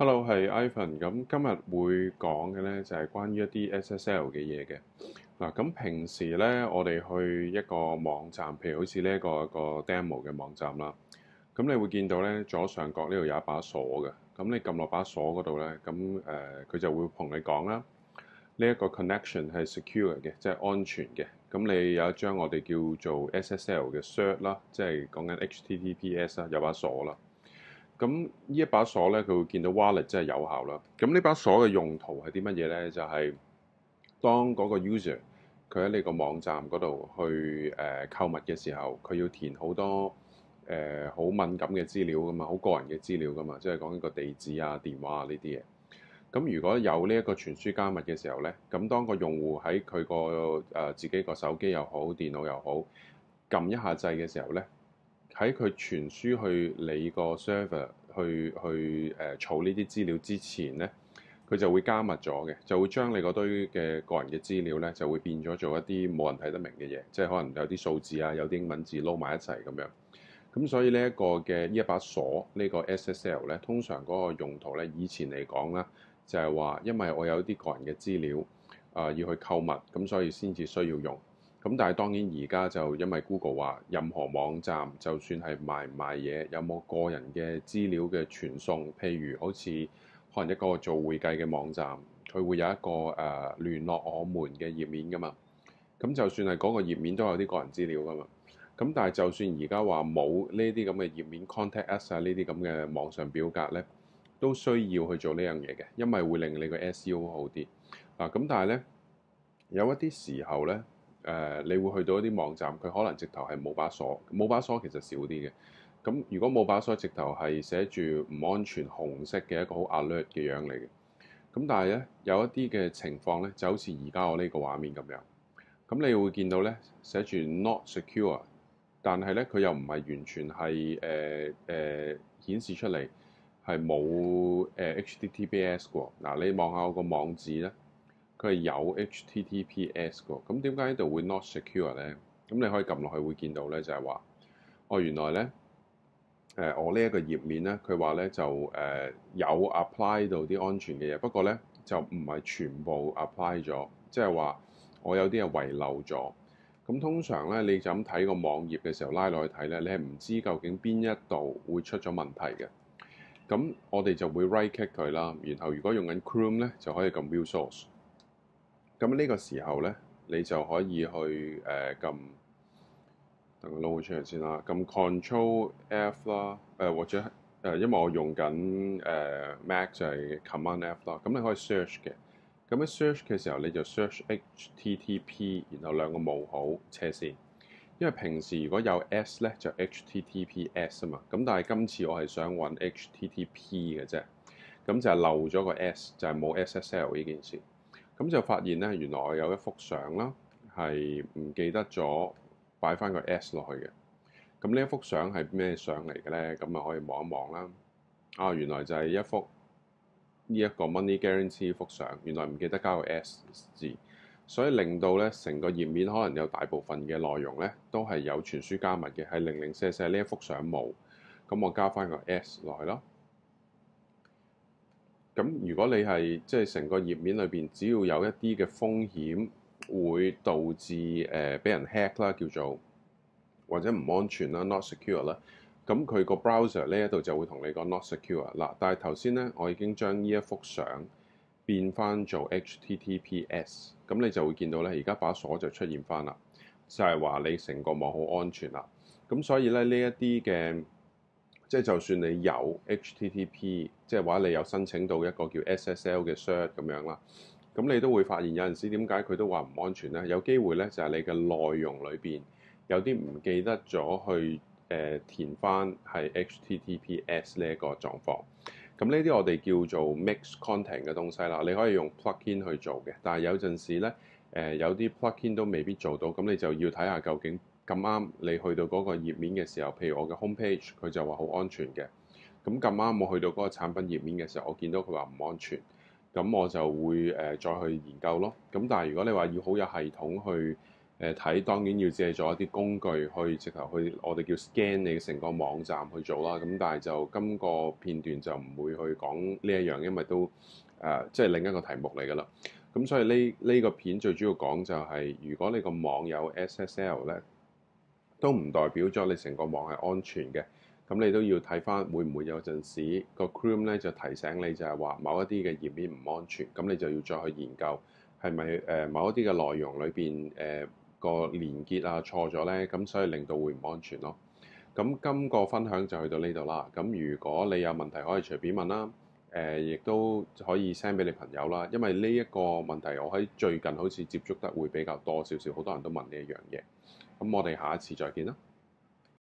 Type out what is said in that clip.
Hello，係 Ivan。咁今日會講嘅咧就係關於一啲 SSL 嘅嘢嘅。嗱，咁平時咧我哋去一個網站，譬如好似呢一個個 demo 嘅網站啦，咁你會見到咧左上角呢度有一把鎖嘅。咁你撳落把鎖嗰度咧，咁誒佢就會同你講啦。呢一個 connection 係 secure 嘅，即係安全嘅。咁你有一張我哋叫做 SSL 嘅 cert 啦，即係講緊 HTTPS 啦，有把鎖啦。咁呢一把鎖咧，佢會見到 Wallet 真係有效啦。咁呢把鎖嘅用途係啲乜嘢咧？就係、是、當嗰個 user 佢喺呢個網站嗰度去誒、呃、購物嘅時候，佢要填好多誒好、呃、敏感嘅資料噶嘛，好個人嘅資料噶嘛，即係講個地址啊、電話啊呢啲嘢。咁如果有呢一個傳輸加密嘅時候咧，咁當個用戶喺佢個誒自己個手機又好、電腦又好，撳一下掣嘅時候咧。喺佢傳輸去你個 server 去去誒、呃、儲呢啲資料之前咧，佢就會加密咗嘅，就會將你嗰堆嘅個人嘅資料咧就會變咗做一啲冇人睇得明嘅嘢，即係可能有啲數字啊，有啲英文字撈埋一齊咁樣。咁所以呢一個嘅呢一把鎖、這個、呢個 SSL 咧，通常嗰個用途咧以前嚟講咧就係話，因為我有啲個人嘅資料啊、呃、要去購物，咁所以先至需要用。咁但係當然而家就因為 Google 話任何網站，就算係賣唔賣嘢，有冇個人嘅資料嘅傳送，譬如好似可能一個做會計嘅網站，佢會有一個誒、呃、聯絡我們嘅頁面㗎嘛。咁就算係嗰個頁面都有啲個人資料㗎嘛。咁但係就算而家話冇呢啲咁嘅頁面 contact us 啊，呢啲咁嘅網上表格呢，都需要去做呢樣嘢嘅，因為會令你個 SEO 好啲嗱。咁、啊、但係呢，有一啲時候呢。誒，uh，你會去到一啲網站，佢可能直頭係冇把鎖，冇把鎖其實少啲嘅。咁如果冇把鎖，直頭係寫住唔安全，紅色嘅一個好 alert 嘅樣嚟嘅。咁但係咧，有一啲嘅情況咧，就好似而家我呢個畫面咁樣。咁你會見到咧，寫住 not secure，但係咧佢又唔係完全係誒誒顯示出嚟係冇誒 https 喎。嗱，呃，你望下我個網址咧。佢係有 https 嘅，咁點解呢度會 not secure 咧？咁你可以撳落去會見到咧，就係話哦，原來咧誒，我呢一個頁面咧，佢話咧就誒、呃、有 apply 到啲安全嘅嘢，不過咧就唔係全部 apply 咗，即係話我有啲係遺漏咗。咁通常咧，你就咁睇個網頁嘅時候拉落去睇咧，你係唔知究竟邊一度會出咗問題嘅。咁我哋就會 right click 佢啦，然後如果用緊 Chrome 咧，就可以撳 View Source。咁呢個時候咧，你就可以去誒撳等我攞佢出嚟先啦。撳 Control F 啦，誒、呃、或者誒、呃，因為我用緊誒、呃、Mac 就係 Command F 啦。咁你可以 search 嘅。咁喺 search 嘅時候，你就 search H T T P，然後兩個冒號斜線。因為平時如果有 S 咧，就 H T T P S 啊嘛。咁但係今次我係想揾 H T T P 嘅啫，咁就係漏咗個 S，就係冇 S S L 呢件事。咁就發現咧，原來我有一幅相啦，係唔記得咗擺翻個 S 落去嘅。咁呢一幅相係咩相嚟嘅咧？咁啊可以望一望啦。啊、哦，原來就係一幅呢一個 Money Guarantee 幅相，原來唔記得加個 S 字，所以令到咧成個頁面可能有大部分嘅內容咧都係有傳輸加密嘅，係零零舍舍呢一幅相冇。咁我加翻個 S 落去咯。咁如果你係即係成個頁面裏邊，只要有一啲嘅風險會導致誒俾、呃、人 hack 啦，叫做或者唔安全啦，not secure 啦，咁佢個 browser 呢一度就會同你講 not secure 嗱，但係頭先呢，我已經將呢一幅相變翻做 https，咁你就會見到呢，而家把鎖就出現翻啦，就係、是、話你成個網好安全啦。咁所以咧，呢一啲嘅。即係就算你有 HTTP，即係話你有申請到一個叫 SSL 嘅 cert 咁樣啦，咁你都會發現有陣時點解佢都話唔安全咧？有機會咧就係你嘅內容裏邊有啲唔記得咗去誒填翻係 HTTPS 呢一個狀況。咁呢啲我哋叫做 mixed content 嘅東西啦，你可以用 plugin 去做嘅，但係有陣時咧。誒有啲 plugin 都未必做到，咁你就要睇下究竟咁啱你去到嗰個頁面嘅時候，譬如我嘅 home page，佢就話好安全嘅。咁咁啱我去到嗰個產品頁面嘅時候，我見到佢話唔安全，咁我就會誒再去研究咯。咁但係如果你話要好有系統去誒睇，當然要借助一啲工具去直頭去我哋叫 scan 你成個網站去做啦。咁但係就今個片段就唔會去講呢一樣，因為都誒即係另一個題目嚟㗎啦。咁所以呢呢個片最主要講就係，如果你，網你個網有 SSL 咧，都唔代表咗你成個網係安全嘅。咁你都要睇返會唔會有陣時，嗰個 Chrome 咧就提醒你，就係話某一啲嘅頁面唔安全。咁你就要再去研究係咪誒某一啲嘅內容裏邊誒個連結啊錯咗咧，咁所以令到會唔安全咯。咁今個分享就去到呢度啦。咁如果你有問題，可以隨便問啦。誒，亦都可以 send 俾你朋友啦，因為呢一個問題我喺最近好似接觸得會比較多少少，好多人都問呢一樣嘢，咁我哋下一次再見啦。